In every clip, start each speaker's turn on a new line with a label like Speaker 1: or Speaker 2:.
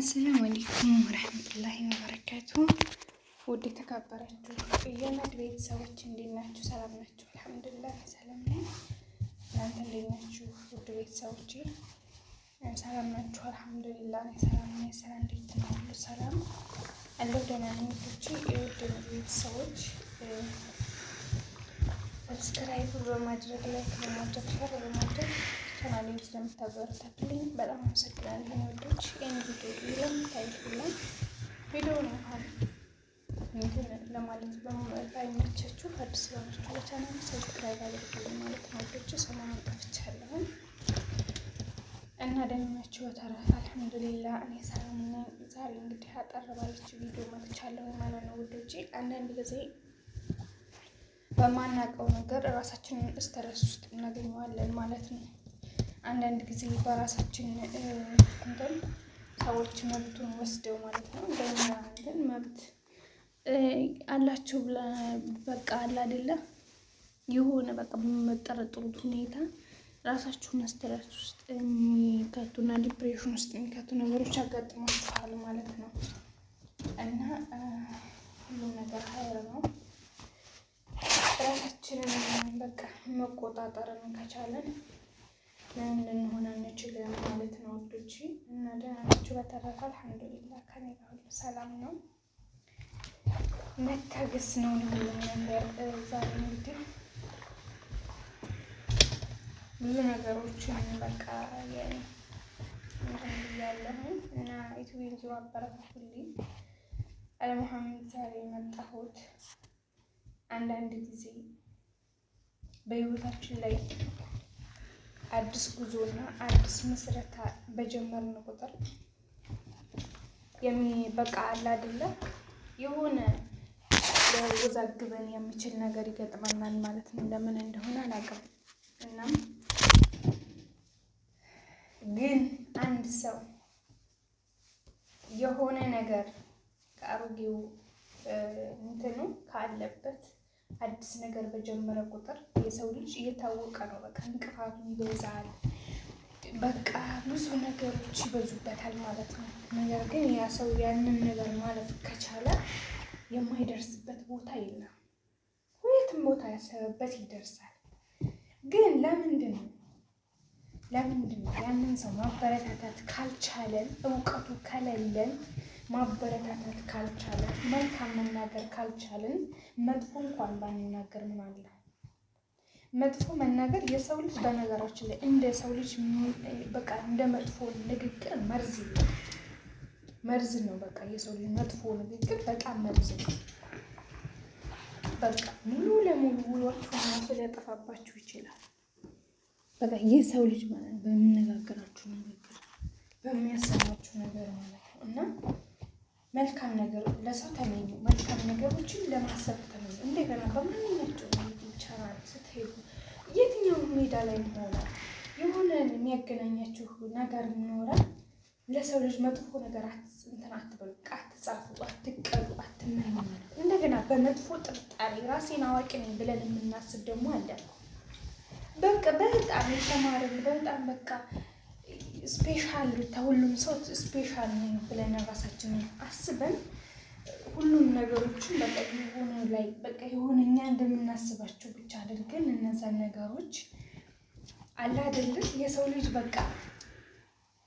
Speaker 1: አሰላሙ አለይኩም ወረህመቱላሂ ወበረካቱ። ውድ የተከበራችሁ የመድ ቤተሰቦች እንዴት ናችሁ? ሰላም ናችሁ? አልሐምዱሊላህ ሰላም ነን። እናንተ እንዴት ናችሁ? ውድ ቤተሰቦች ሰላም ናችሁ? አልሐምዱሊላህ ሰላም ነን። ስራ እንዴት ነው? ሁሉ ሰላም አለው? ደህና ነኝ። የውድ ቤተሰቦች ሰብስክራይብ በማድረግ ላይክ በማድረግ ሸር በማድረግ ቻናሌን ስለምታበረታቱልኝ በጣም አመሰግናለሁ። ወዶች ይህን ቪዲዮ ለምታዩት ሁላ ቪዲዮውን ያህል እንትን ለማለት ባይመቻችሁ አዲስ ስለሆናችሁ ለቻናል ሰብስክራይብ አድርጉልኝ ማለት ነው። ወዶች ሰሞኑን ጠፍቻለሁኝ እና ደህናችሁ በተረፈ አልሐምዱሊላ እኔ ሰላም ነኝ። ዛሬ እንግዲህ አጠር ባለችው ቪዲዮ መጥቻለሁ ማለት ነው ውዶቼ። አንዳንድ ጊዜ በማናውቀው ነገር እራሳችንን ስተረስ ውስጥ እናገኘዋለን ማለት ነው። አንዳንድ ጊዜ በራሳችን እንትን ሰዎች መብቱን ወስደው ማለት ነው እንደኛ እንትን መብት አላቸው በቃ አለ አይደለ የሆነ በቃ በምጠረጥሩት ሁኔታ ራሳችሁን ስትረስ ውስጥ የሚከቱና ዲፕሬሽን ውስጥ የሚከቱ ነገሮች ያጋጥሟችኋል ማለት ነው። እና ሁሉም ነገር ሀይር ነው። ራሳችንን በቃ መቆጣጠርን ከቻለን ምንም ልንሆን አንችልም ማለት ነው ውዶች። እና ደህና ናችሁ? በተረፈ አልሐምዱሊላህ ከኔ ጋር ሁሉ ሰላም ነው። መታገስ ነው ሁሉም ነገር። ዛሬ እንግዲህ ብዙ ነገሮችን በቃ ያለሁኝ እና ኢትዮጵያን ዙ አበረታቱልኝ። አልሙሐመድ ዛሬ የመጣሁት አንዳንድ ጊዜ በህይወታችን ላይ አዲስ ጉዞና አዲስ መስረታ በጀመርን ቁጥር የሚበቃ አለ አይደለ የሆነ ወዛግበን የሚችል ነገር ይገጥመናል ማለት ነው። ለምን እንደሆነ አላውቅም። እናም ግን አንድ ሰው የሆነ ነገር ከአሮጌው እንትኑ ካለበት አዲስ ነገር በጀመረ ቁጥር የሰው ልጅ እየታወቀ ነው። በቃ እንቅፋቱ ይበዛል። በቃ ብዙ ነገሮች ይበዙበታል ማለት ነው። ነገር ግን ያ ሰው ያንን ነገር ማለት ከቻለ የማይደርስበት ቦታ የለም። ሁለትም ቦታ ያሰበበት ይደርሳል። ግን ለምንድን ነው ለምንድን ነው ያንን ሰው ማበረታታት ካልቻለን እውቀቱ ከሌለን ማበረታታት ካልቻለ መልካም መናገር ካልቻልን መጥፎ እንኳን ባንናገር ምን አለ? መጥፎ መናገር የሰው ልጅ በነገራችን ላይ እንደ ሰው ልጅ በቃ እንደ መጥፎ ንግግር መርዝ መርዝ ነው። በቃ የሰው ልጅ መጥፎ ንግግር በጣም መርዝ ነው። በቃ ሙሉ ለሙሉ ውሏችሁን ራሱ ሊያጠፋባችሁ ይችላል። በቃ የሰው ልጅ ማለት በሚነጋገራችሁ ንግግር በሚያሰማችሁ ነገር ማለት ነው እና መልካም ነገር ለሰው ተመኙ። መልካም ነገሮችን ለማሰብ ተመኙ። እንደገና በማንኛቸው ቻናል ስትሄዱ የትኛው ሜዳ ላይ ሆነ የሆነ የሚያገናኛችሁ ነገር ኖረ ለሰው ልጅ መጥፎ ነገር እንትን አትበሉ፣ አትጻፉ፣ አትቀሉ፣ አትመኙ። እንደገና በመጥፎ ጥርጣሬ ራሴን አዋቂ ነኝ ብለን የምናስብ ደግሞ አለ። በቃ በጣም የተማርን በጣም በቃ ስፔሻል ሩታ ሁሉም ሰው ስፔሻል ነው ብለን ራሳችንን አስበን ሁሉም ነገሮችን በቃ የሆነ ላይ በቃ የሆነ እኛ እንደምናስባቸው ብቻ አድርገን እነዛን ነገሮች አለ አይደለም። የሰው ልጅ በቃ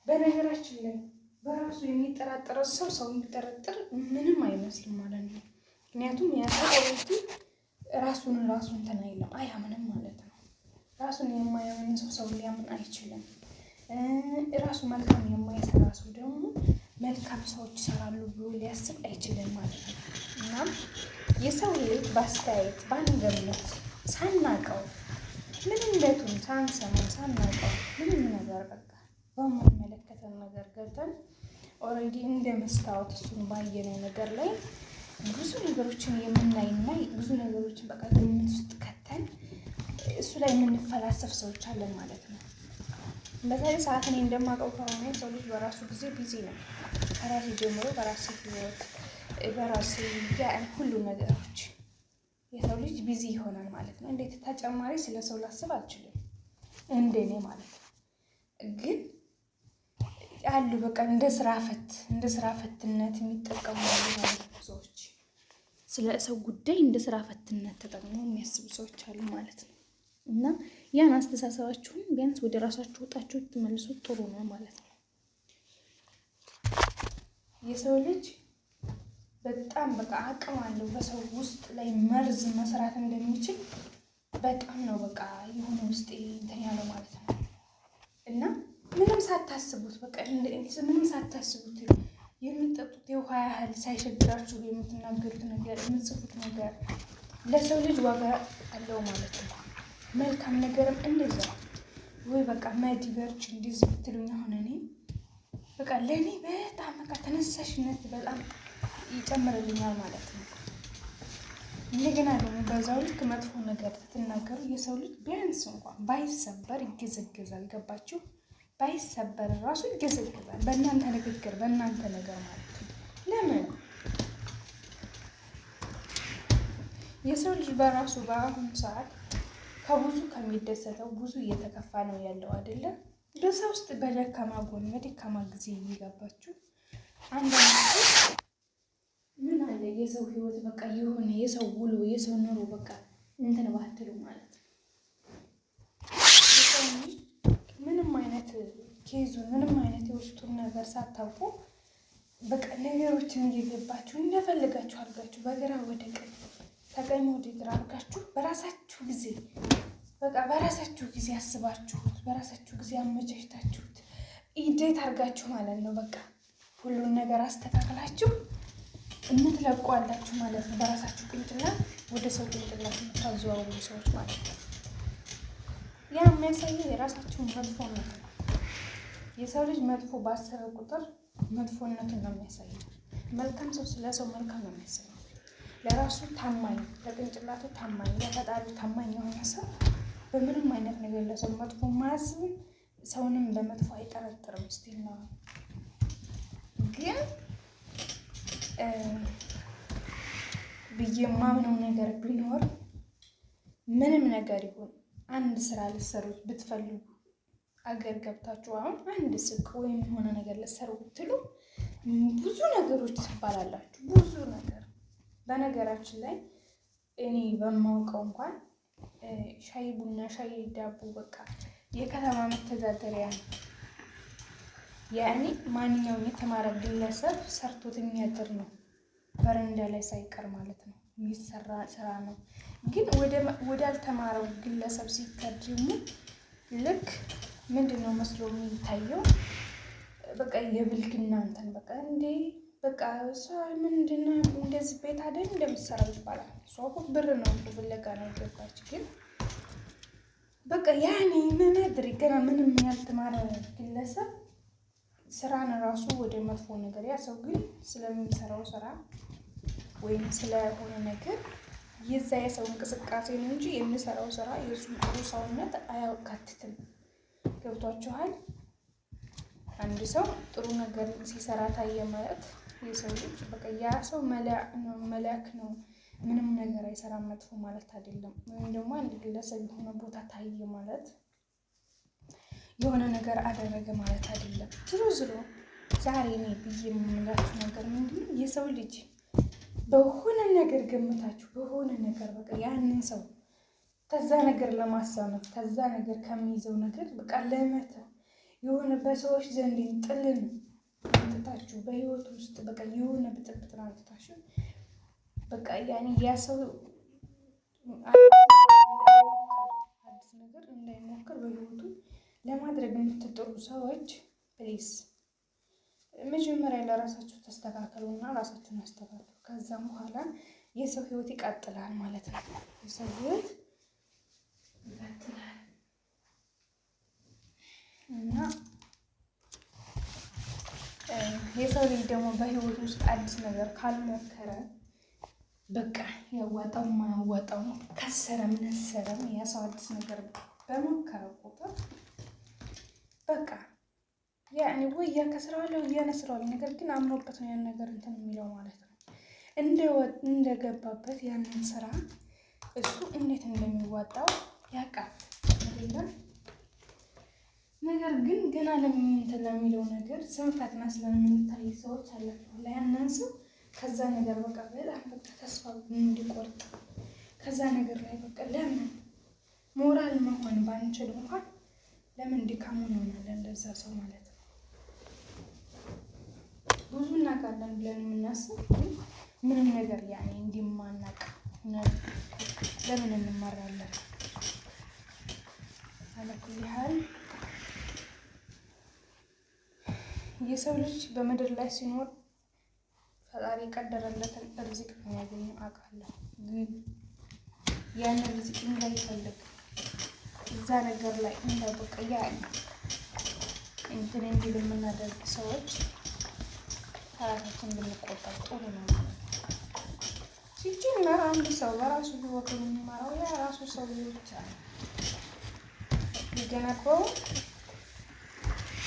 Speaker 1: በነገራችን ላይ በራሱ የሚጠራጠረው ሰው ሰው የሚጠረጥር ምንም አይመስልም ማለት ነው። ምክንያቱም ያሰቀሩት ራሱን ራሱን እንትን አያምንም ማለት ነው። ራሱን የማያምን ሰው ሰው ሊያምን አይችልም። ራሱ መልካም የማይሰራ ሰው ደግሞ መልካም ሰዎች ይሰራሉ ብሎ ሊያስብ አይችልም ማለት ነው። እና የሰው ሕይወት በአስተያየት በአንገብነት ሳናቀው ምንነቱን ሳንሰማ ሳናቀው ምንም ነገር በቃ በማይመለከተን ነገር ገብተን ኦልሬዲ እንደ መስታወት እሱን ባየነው ነገር ላይ ብዙ ነገሮችን የምናይና ብዙ ነገሮችን በቃ ግምት ውስጥ ከተን እሱ ላይ የምንፈላሰፍ ሰዎች አለን ማለት ነው። በተለይ ሰዓት እኔ እንደማውቀው ከሆነ ሰው ልጅ በራሱ ጊዜ ቢዚ ነው። ከራሴ ጀምሮ በራሴ ህይወት፣ በራሴ ሁሉ ነገሮች የሰው ልጅ ቢዚ ይሆናል ማለት ነው። እንዴት ተጨማሪ ስለ ሰው ላስብ አልችልም፣ እንደኔ ማለት ነው። ግን አሉ በቃ እንደ ስራ ፈት እንደ ስራ ፈትነት የሚጠቀሙ ሰዎች ስለ ሰው ጉዳይ እንደ ስራ ፈትነት ተጠቅሞ የሚያስቡ ሰዎች አሉ ማለት ነው። እና ያን አስተሳሰባችሁን ቢያንስ ወደ ራሳችሁ ወጣችሁ ትመልሱ ጥሩ ነው ማለት ነው። የሰው ልጅ በጣም በቃ አቅም አለው በሰው ውስጥ ላይ መርዝ መስራት እንደሚችል በጣም ነው በቃ የሆነ ውስጥ እንትን ያለው ማለት ነው እና ምንም ሳታስቡት በቃ ምንም ሳታስቡት የምትጠጡት የውሃ ያህል ሳይሸግራችሁ የምትናገሩት ነገር የምትጽፉት ነገር ለሰው ልጅ ዋጋ አለው ማለት ነው። መልካም ነገርም እንደዛ ወይ በቃ መዲቨርች እንዲዝ ብትሉኝ አሁን እኔ በቃ ለእኔ በጣም በቃ ተነሳሽነት በጣም ይጨምርልኛል ማለት ነው። እንደገና ደግሞ በዛው ልክ መጥፎ ነገር ስትናገሩ የሰው ልጅ ቢያንስ እንኳን ባይሰበር ይገዘገዛል። ገባችሁ? ባይሰበር ራሱ ይገዘገዛል በእናንተ ንግግር፣ በእናንተ ነገር ማለት ነው። ለምን የሰው ልጅ በራሱ በአሁኑ ሰዓት ከብዙ ከሚደሰተው ብዙ እየተከፋ ነው ያለው አይደለም። በዛ ውስጥ በደካማ ጎን በደካማ ጊዜ እየገባችሁ አንዳንድ ምን አለ የሰው ህይወት በቃ የሆነ የሰው ውሎ የሰው ኑሮ በቃ እንትን ባትሉ ማለት ነው። ምንም አይነት ኬዙን ምንም አይነት የውስጡን ነገር ሳታውቁ በቃ ነገሮችን እየገባችሁ እንደፈለጋችሁ አድርጋችሁ በግራ ወደ ቀኝ ከቀኝ ወደ ግራ አድርጋችሁ በራሳችሁ ጊዜ በቃ በራሳችሁ ጊዜ አስባችሁት በራሳችሁ ጊዜ አመቻችታችሁት እንዴት አድርጋችሁ ማለት ነው። በቃ ሁሉን ነገር አስተካክላችሁ እምትለቋላችሁ ማለት ነው። በራሳችሁ ቅንጭላት ወደ ሰው ቅንጭላት የምታዘዋውሩ ሰዎች ማለት ነው። ያ የሚያሳየው የራሳችሁን መጥፎነት ነው። የሰው ልጅ መጥፎ ባሰበ ቁጥር መጥፎነቱን ነው የሚያሳየው። መልካም ሰው ስለ ሰው መልካም ነው የሚያሳየው። ለራሱ ታማኝ፣ ለቅንጭላቱ ታማኝ፣ ለፈጣሪ ታማኝ የሆነ ሰው በምንም አይነት ነገር ለሰው መጥፎ ማያስብም፣ ሰውንም በመጥፎ አይጠረጥርም። ስቲል ነው ግን
Speaker 2: ብዬ የማምነው
Speaker 1: ነገር ቢኖር ምንም ነገር ይሁን አንድ ስራ ልትሰሩት ብትፈልጉ አገር ገብታችሁ አሁን አንድ ስልክ ወይም የሆነ ነገር ልትሰሩ ብትሉ ብዙ ነገሮች ትባላላችሁ ብዙ ነገር በነገራችን ላይ እኔ በማውቀው እንኳን ሻይ ቡና፣ ሻይ ዳቦ በቃ የከተማ መተዳደሪያ ነው። ያኔ ማንኛውም የተማረ ግለሰብ ሰርቶት የሚያድር ነው። በረንዳ ላይ ሳይቀር ማለት ነው የሚሰራ ስራ ነው። ግን ወደ አልተማረው ግለሰብ ሲከር ልክ ምንድን ነው መስሎ የሚታየው በቃ የብልግና እንትን በቃ እንዴ በቃ እሷ ምንድን እንደዚህ ቤት አይደል እንደምትሰራው ይባላል። እሷ እኮ ብር ነው ፍለጋ ነው ገባች። ግን በቃ ያኔ ምን አድሪ ገና ምንም ያልተማረ ግለሰብ ስራን ራሱ ወደ መጥፎ ነገር ያ ሰው ግን ስለሚሰራው ስራ ወይም ስለሆነ ነገር የዛ የሰው እንቅስቃሴ ነው እንጂ የሚሰራው ስራ የእሱን ጥሩ ሰውነት አያካትትም። ገብቷችኋል? አንድ ሰው ጥሩ ነገር ሲሰራ ታየ ማለት የሰው ልጅ በቃ ያ ሰው መልአክ ነው፣ ምንም ነገር አይሰራም መጥፎ ማለት አይደለም። ወይም ደግሞ አንድ ግለሰብ የሆነ ቦታ ታየ ማለት የሆነ ነገር አደረገ ማለት አይደለም። ዝሮ ዝሮ ዛሬ እኔ ብዬ የምንላችሁ ነገር ምንድነው የሰው ልጅ በሆነ ነገር ገምታችሁ በሆነ ነገር በቃ ያንን ሰው ከዛ ነገር ለማሳመት ከዛ ነገር ከሚይዘው ነገር በቃ ለመተው የሆነ በሰዎች ዘንድ ጥልን አንጥታችሁ በህይወት ውስጥ በቃ የሆነ ብጥብጥ አንጥታችሁ በቃ ያኔ ያ ሰው አዲስ ነገር እንዳይሞክር በህይወቱ ለማድረግ የምትጥሩ ሰዎች ፕሊስ መጀመሪያ ለራሳችሁ ተስተካከሉ እና ራሳችሁን አስተካክሉ። ከዛም በኋላ የሰው ህይወት ይቀጥላል ማለት ነው። የሰው ህይወት ይቀጥላል እና የሰው ልጅ ደግሞ በህይወት ውስጥ አዲስ ነገር ካልሞከረ በቃ ያዋጣው ማያዋጣው ከሰረም ነሰረም ያ ሰው አዲስ ነገር በሞከረ ቁጥር በቃ ያኔ ወይ ያከስረዋለሁ እያነስረዋል። ነገር ግን አምሮበት ነው ያን ነገር እንትን የሚለው ማለት ነው። እንደገባበት ያንን ስራ እሱ እንዴት እንደሚዋጣው ያውቃል። ነገር ግን ገና ለምንትን ለሚለው ነገር ስንፈት መስለን የምንታይ ሰዎች አላቸው። ያንን ሰው ከዛ ነገር በቃ በጣም በቃ ተስፋ እንዲቆርጥ ከዛ ነገር ላይ በቃ ለምን ሞራል መሆን ባንችል እንኳን ለምን ድካሙ እንሆናለን ለዛ ሰው ማለት ነው። ብዙ እናውቃለን ብለን የምናስብ ግን ምንም ነገር ያኔ እንዲማናቅ ለምን እንማራለን አለኩል ያህል የሰው ልጅ በምድር ላይ ሲኖር ፈጣሪ የቀደረለትን ርዝቅ የሚያገኘው አውቃለሁ። ግን ያን ርዝቅ እንዳይፈልግ እዛ ነገር ላይ እንዳይበቀያ ያ እንትን እንዲል የምናደርግ ሰዎች ራሳችን ብንቆጠር ጥሩ ነው ሲጀመር አንድ ሰው በራሱ ህይወት የሚመራው ያ ራሱ ሰው ብቻ ነው። ሊገነባው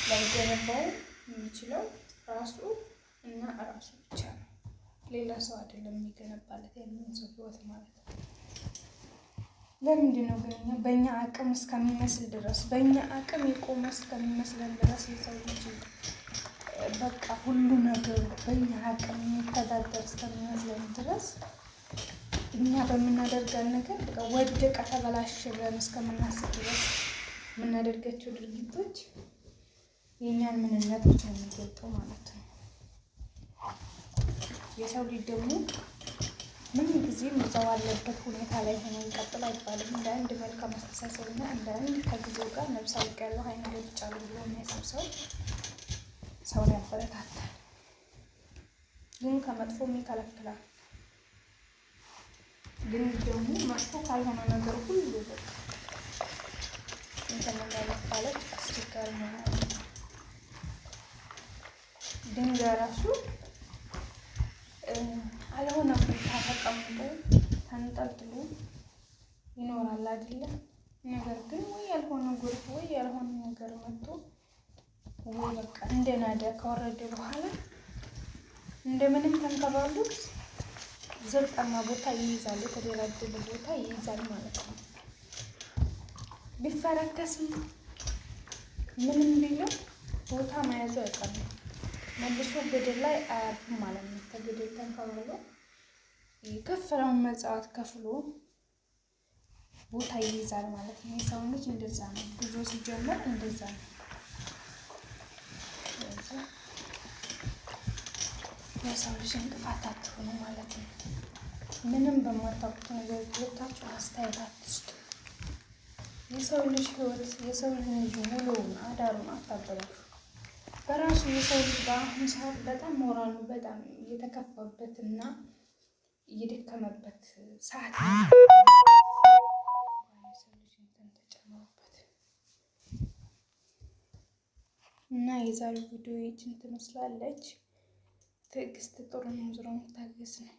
Speaker 1: ላይገነባው የሚችለው ራሱ እና ራሱ ብቻ ነው። ሌላ ሰው አይደለም የሚገነባለት ያንን ሰው ህይወት ማለት ነው። ለምንድን ነው ግን በእኛ አቅም እስከሚመስል ድረስ በእኛ አቅም የቆመ እስከሚመስለን ድረስ የሰው ልጅ በቃ ሁሉ ነገሩ በእኛ አቅም የሚተዳደር እስከሚመስለን ድረስ እኛ በምናደርገን ነገር በቃ ወደቀ ተበላሸ ብለን እስከምናስብ ድረስ የምናደርጋቸው ድርጊቶች የእኛን ምንነት ነው የሚገልጠው ማለት ነው። የሰው ልጅ ደግሞ ምን ጊዜም እዛው አለበት ሁኔታ ላይ ሆኖ ይቀጥል አይባልም። እንደ አንድ መልካም አስተሳሰብ እና እንደ አንድ ከጊዜው ጋር ነብስ አውቅ ያለው ሀይል ገብቻለሁ ብሎ የሚያስብ ሰው ሰውን ያበረታታል፣ ግን ከመጥፎ ይከለክላል። ግን ደግሞ መጥፎ ካልሆነ ነገር ሁሉ በቃ እንትን ለመባለቅ አስቸጋሪ ነው። ድንጋይ ራሱ አልሆነ ቦታ ተቀምጦ ተንጠልጥሎ ይኖራል አይደለም። ነገር ግን ወይ ያልሆነ ጎርፍ ወይ ያልሆነ ነገር መጥቶ ወይ በቃ እንደ ናዳ ከወረደ በኋላ እንደምንም ተንከባሉት ዘርጣማ ቦታ ይይዛል፣ የተደራደበ ቦታ ይይዛል ማለት ነው። ቢፈረከስም ምንም ቢለው ቦታ መያዙ አይቀርም። መልሶ ገደል ላይ አያርፍም ማለት ነው። ከገደል ተንከባሎ የከፈለውን መጽዋት ከፍሎ ቦታ ይይዛል ማለት ነው። የሰው ልጅ እንደዛ ነው። ጉዞ ሲጀምር እንደዛ ነው። የሰው ልጅ እንቅፋታችሁ ነው ማለት ነው። ምንም በማታውቁት ነገር ወታችሁ አስተያየት አትስጡ። የሰው ልጅ ህይወት የሰው ልጅ ውሎውን አዳሩን አታበላሹ። በራሱ የሰው ልጅ በአሁኑ ሰዓት በጣም ሞራሉ በጣም እየተከፋበት እና እየደከመበት ሰዓት እና የዛሬው ቪዲዮ ይችን ትመስላለች። ትዕግስት ጥሩ ነው። ዝሮ መታገስ ነው።